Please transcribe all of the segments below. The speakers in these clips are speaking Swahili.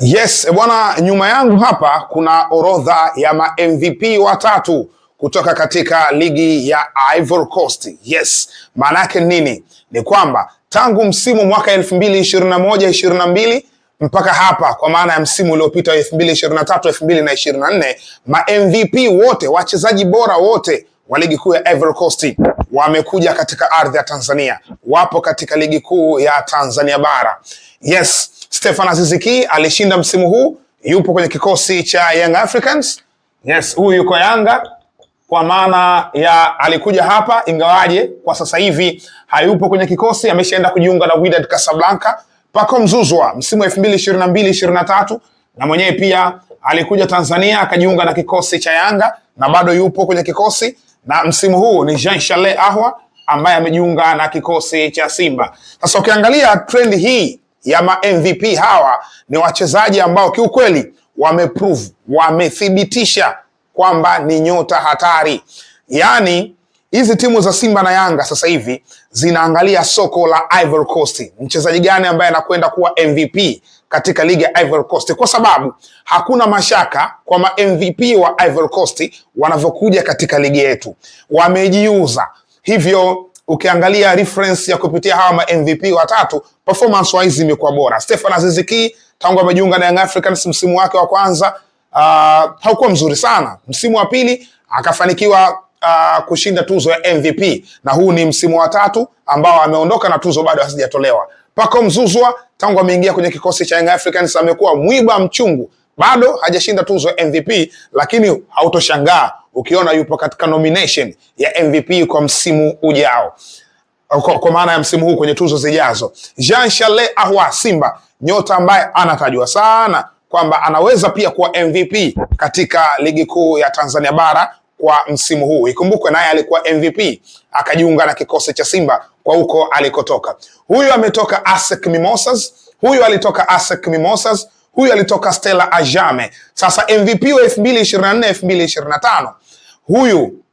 Yes bwana, nyuma yangu hapa kuna orodha ya ma MVP watatu kutoka katika ligi ya Ivory Coast. Yes, maana yake nini? Ni kwamba tangu msimu mwaka 2021 mbili mpaka hapa kwa maana ya msimu uliopita 2023 2024, ma MVP wote, wachezaji bora wote wa ligi kuu ya Ivory Coast wamekuja katika ardhi ya Tanzania, wapo katika ligi kuu ya Tanzania bara. Yes. Stefan Aziziki alishinda msimu huu, yupo kwenye kikosi cha Young Africans. Yes, huyu yuko Yanga kwa maana ya alikuja hapa, ingawaje kwa sasa hivi hayupo kwenye kikosi, ameshaenda kujiunga na Wydad Casablanca. Pako Mzuzwa msimu wa 2022 23 na mwenyewe pia alikuja Tanzania akajiunga na kikosi cha Yanga na bado yupo kwenye kikosi, na msimu huu ni Jean Charles Ahwa ambaye amejiunga na kikosi cha Simba. Sasa ukiangalia trend hii ya ma MVP hawa ni wachezaji ambao kiukweli wameprove, wamethibitisha kwamba ni nyota hatari. Yaani hizi timu za Simba na Yanga sasa hivi zinaangalia soko la Ivory Coast, mchezaji gani ambaye anakwenda kuwa MVP katika ligi ya Ivory Coast, kwa sababu hakuna mashaka ma MVP wa Ivory Coast wanavyokuja katika ligi yetu wamejiuza hivyo ukiangalia reference ya kupitia hawa ma MVP watatu, performance wise imekuwa bora. Stefan Aziz Ki tangu amejiunga na Young Africans msimu wake wa kwanza uh, haukuwa mzuri sana. Msimu wa pili akafanikiwa uh, kushinda tuzo ya MVP na huu ni msimu wa tatu ambao ameondoka na tuzo bado hasijatolewa. Pako Mzuzwa tangu ameingia kwenye kikosi cha Young Africans amekuwa mwiba mchungu bado hajashinda tuzo ya MVP, lakini hautoshangaa ukiona yupo katika nomination ya MVP kwa msimu ujao, kwa, kwa maana ya msimu huu kwenye tuzo zijazo. Jean Charles Ahoua Simba, nyota ambaye anatajwa sana kwamba anaweza pia kuwa MVP katika ligi kuu ya Tanzania bara kwa msimu huu. Ikumbukwe naye alikuwa MVP akajiunga na kikosi cha Simba kwa huko alikotoka. Huyu ametoka ASEC Mimosas, huyu alitoka ASEC Mimosas, Huyu alitoka Stella Ajame, sasa MVP wa 2024 2025. Huyu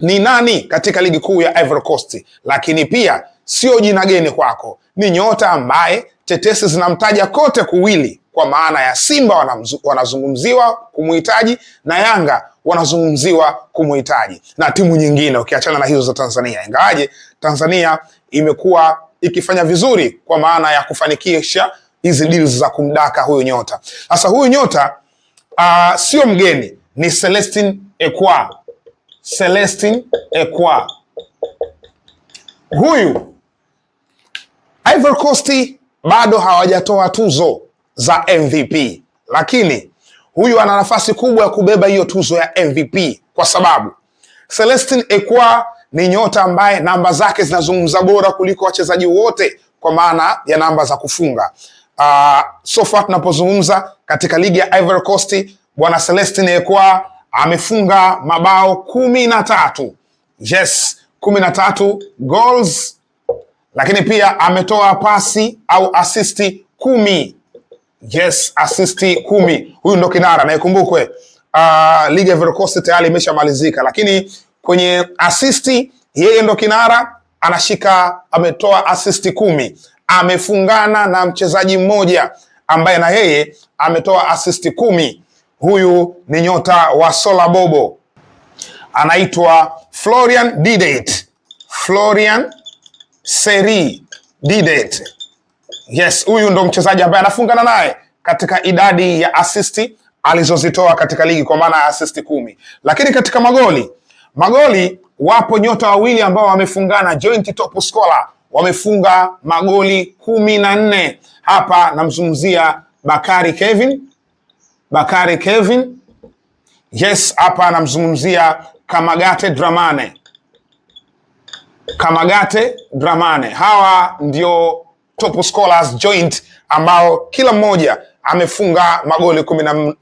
ni nani katika ligi kuu ya Ivory Coast? Lakini pia sio jina geni kwako, ni nyota ambaye tetesi zinamtaja kote kuwili, kwa maana ya Simba wanazungumziwa kumuhitaji na Yanga wanazungumziwa kumuhitaji na timu nyingine ukiachana na hizo za Tanzania, ingawaje Tanzania imekuwa ikifanya vizuri kwa maana ya kufanikisha hizi deals za kumdaka huyu nyota. Sasa huyu nyota uh, sio mgeni, ni Celestin Ekwa. Celestin Ekwa huyu Ivory Coast bado hawajatoa tuzo za MVP, lakini huyu ana nafasi kubwa ya kubeba hiyo tuzo ya MVP kwa sababu Celestin Ekwa ni nyota ambaye namba zake zinazungumza bora kuliko wachezaji wote kwa maana ya namba za kufunga uh, ah, sofa tunapozungumza katika ligi ya Ivory Coast, bwana Celestin Ekwa amefunga mabao kumi na tatu yes, kumi na tatu goals, lakini pia ametoa pasi au asisti kumi yes, asisti kumi. Huyu ndo kinara na ikumbukwe, uh, ligi ya Ivory Coast tayari imeshamalizika, lakini kwenye asisti yeye ndo kinara anashika, ametoa asisti kumi amefungana na mchezaji mmoja ambaye na yeye ametoa asisti kumi. Huyu ni nyota wa Sola Bobo, anaitwa Florian Didet, Florian Seri Didet. Yes, huyu ndo mchezaji ambaye anafungana naye katika idadi ya asisti alizozitoa katika ligi kwa maana ya asisti kumi. Lakini katika magoli magoli, wapo nyota wawili ambao wamefungana joint top scorer wamefunga magoli kumi na nne. Hapa namzungumzia Bakari Kevin, Bakari Kevin, yes, hapa namzungumzia Kamagate Dramane, Kamagate Dramane. Hawa ndio top scorers joint ambao kila mmoja amefunga magoli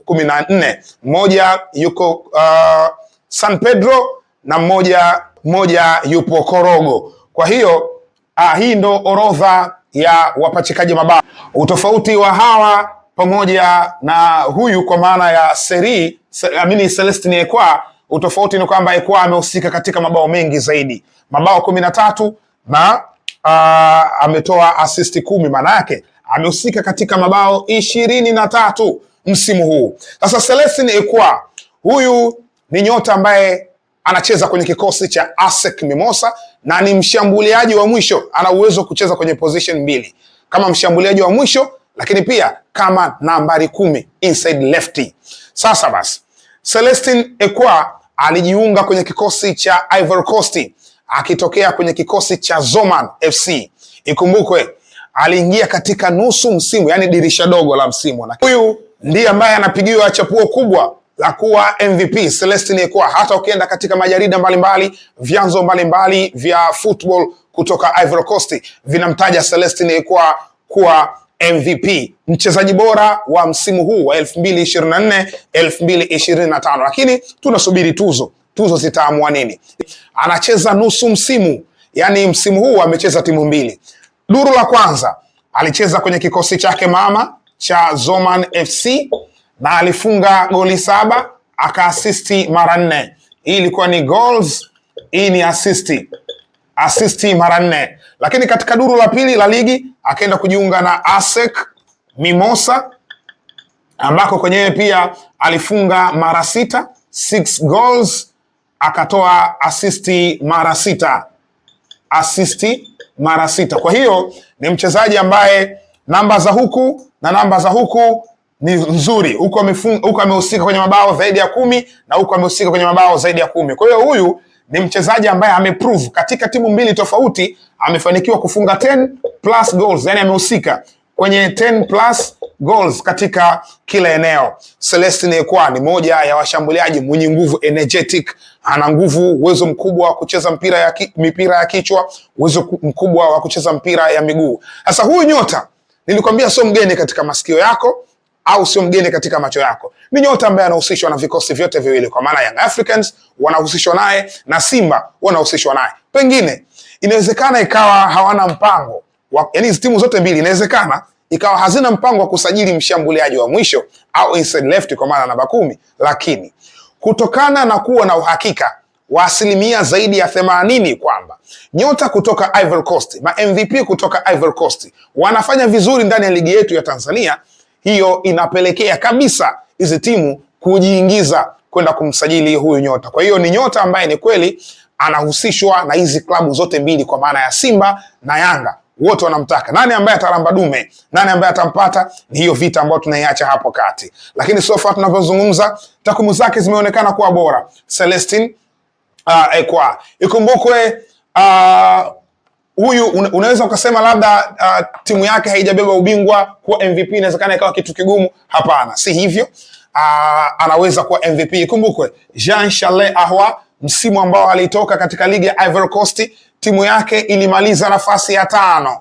kumi na nne. Mmoja yuko uh, San Pedro na mmoja mmoja yupo Korogo. Kwa hiyo Ah, hii ndo orodha ya wapachikaji mabao. Utofauti wa hawa pamoja na huyu kwa maana ya Seri, amini Celestine Ekwa, utofauti ni kwamba Ekwa amehusika katika mabao mengi zaidi, mabao kumi na tatu na uh, ametoa asisti kumi, maana yake amehusika katika mabao ishirini na tatu msimu huu. Sasa Celestine Ekwa huyu ni nyota ambaye anacheza kwenye kikosi cha ASEC Mimosa na ni mshambuliaji wa mwisho, ana uwezo wa kucheza kwenye position mbili kama mshambuliaji wa mwisho, lakini pia kama nambari kumi inside lefty. Sasa basi Celestin Ekwa alijiunga kwenye kikosi cha Ivory Coast akitokea kwenye kikosi cha Zoman FC. Ikumbukwe aliingia katika nusu msimu, yani dirisha dogo la msimu, na huyu ndiye ambaye anapigiwa chapuo kubwa la kuwa MVP Celestine Ekwa. Hata ukienda katika majarida mbalimbali, vyanzo mbalimbali vya football kutoka Ivory Coast vinamtaja Celestine Ekwa kuwa MVP mchezaji bora wa msimu huu wa 2024 2025, lakini tunasubiri tuzo, tuzo zitaamua nini. Anacheza nusu msimu, yani msimu huu amecheza timu mbili. Duru la kwanza alicheza kwenye kikosi chake mama cha Zoman FC na alifunga goli saba akaasisti mara nne. Hii ilikuwa ni goals, hii ni asisti, asisti mara nne. Lakini katika duru la pili la ligi akaenda kujiunga na ASEC Mimosa ambako kwenyewe pia alifunga mara sita, six goals, akatoa asisti mara sita, asisti mara sita. Kwa hiyo ni mchezaji ambaye namba za huku na namba za huku ni nzuri, huko huko amehusika kwenye mabao zaidi ya kumi na huko amehusika kwenye mabao zaidi ya kumi. Kwa hiyo huyu ni mchezaji ambaye ameprove katika timu mbili tofauti, amefanikiwa kufunga 10 plus goals, yani amehusika kwenye 10 plus goals katika kila eneo. Celestine Ekwa ni moja ya washambuliaji mwenye nguvu, energetic, ana nguvu, uwezo mkubwa wa kucheza mpira ya ki, mipira ya kichwa, uwezo mkubwa wa kucheza mpira ya miguu. Sasa huyu nyota nilikwambia, sio mgeni katika masikio yako au sio mgeni katika macho yako. Ni nyota ambaye anahusishwa na vikosi vyote viwili, kwa maana Young Africans wanahusishwa naye na Simba wanahusishwa naye. Pengine inawezekana ikawa hawana mpango wa, yani hizi timu zote mbili inawezekana ikawa hazina mpango wa kusajili mshambuliaji wa mwisho au inside left kwa maana namba kumi, lakini kutokana na kuwa na uhakika wa asilimia zaidi ya themanini kwamba nyota kutoka Ivory Coast, ma MVP kutoka Ivory Coast wanafanya vizuri ndani ya ligi yetu ya Tanzania hiyo inapelekea kabisa hizi timu kujiingiza kwenda kumsajili huyu nyota. Kwa hiyo ni nyota ambaye ni kweli anahusishwa na hizi klabu zote mbili, kwa maana ya Simba na Yanga wote wanamtaka. Nani ambaye ataramba dume, nani ambaye atampata, ni hiyo vita ambayo tunaiacha hapo kati. Lakini sofa tunavyozungumza, takwimu zake zimeonekana kuwa bora Celestin uh, Ekwa. Ikumbukwe uh, huyu unaweza ukasema labda uh, timu yake haijabeba ubingwa, kuwa MVP inawezekana ikawa kitu kigumu. Hapana, si hivyo. Uh, anaweza kuwa MVP. Ikumbukwe Jean Charles Ahoua msimu ambao alitoka katika ligi ya Ivory Coast, timu yake ilimaliza nafasi ya tano.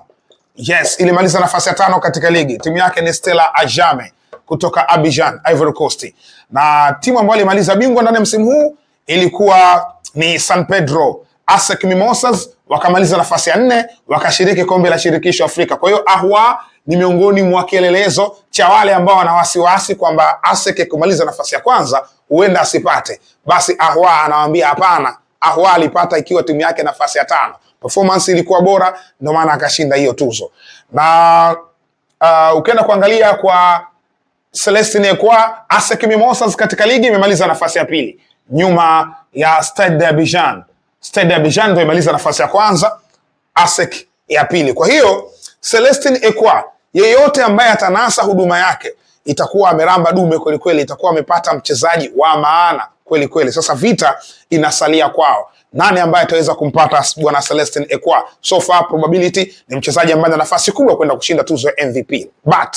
Yes, ilimaliza nafasi ya tano katika ligi. Timu yake ni Stella Ajame kutoka Abidjan, Ivory Coast, na timu ambayo ilimaliza bingwa ndani ya msimu huu ilikuwa ni San Pedro ASEC Mimosas wakamaliza nafasi ya nne, wakashiriki kombe la shirikisho Afrika. Kwa hiyo Ahwa ni miongoni mwa kielelezo cha wale ambao wana wasiwasi kwamba ASEC kumaliza nafasi ya kwanza huenda asipate. Basi Ahwa anawaambia hapana, Ahwa alipata ikiwa timu yake nafasi ya tano, performance ilikuwa bora, ndio maana akashinda hiyo tuzo. Na uh, ukienda kuangalia kwa Celestine Ekwa, ASEC Mimosas katika ligi imemaliza nafasi ya pili nyuma ya Stade d'Abidjan. Stade Abidjan ndio imaliza nafasi ya kwanza, ASEC ya pili. Kwa hiyo Celestin Ekwa, yeyote ambaye atanasa huduma yake itakuwa ameramba dume kweli kweli, itakuwa amepata mchezaji wa maana kweli kweli. Sasa vita inasalia kwao, nani ambaye ataweza kumpata bwana Celestin Ekwa? So far probability ni mchezaji ambaye ana nafasi kubwa kwenda kushinda tuzo ya MVP but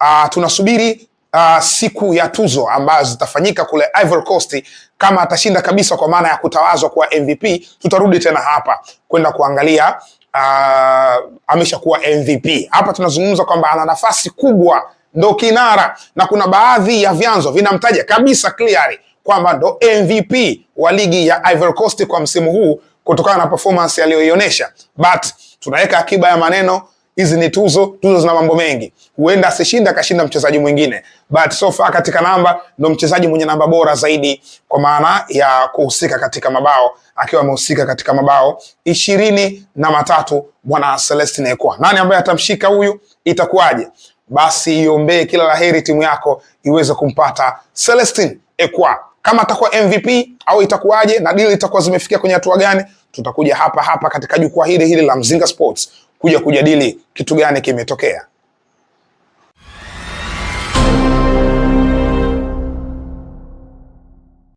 uh, tunasubiri uh, siku ya tuzo ambazo zitafanyika kule Ivory Coast. Kama atashinda kabisa, kwa maana ya kutawazwa kuwa MVP, tutarudi tena hapa kwenda kuangalia uh, ameshakuwa MVP. Hapa tunazungumza kwamba ana nafasi kubwa, ndo kinara, na kuna baadhi ya vyanzo vinamtaja kabisa clearly kwamba ndo MVP wa ligi ya Ivory Coast kwa msimu huu kutokana na performance aliyoionyesha, but tunaweka akiba ya maneno hizi ni tuzo, tuzo zina mambo mengi. Huenda asishinda akashinda mchezaji mwingine, but so far katika namba ndo mchezaji mwenye namba bora zaidi kwa maana ya kuhusika katika mabao, akiwa amehusika katika mabao ishirini na matatu bwana Celestine Ekwa. Nani ambaye atamshika huyu, itakuwaje? Basi iombee kila laheri timu yako iweze kumpata Celestine Ekwa. Kama atakuwa MVP au itakuwaje na deal itakuwa zimefikia kwenye hatua gani? Tutakuja hapa hapa katika jukwaa hili hili la Mzinga Sports kuja kujadili kitu gani kimetokea.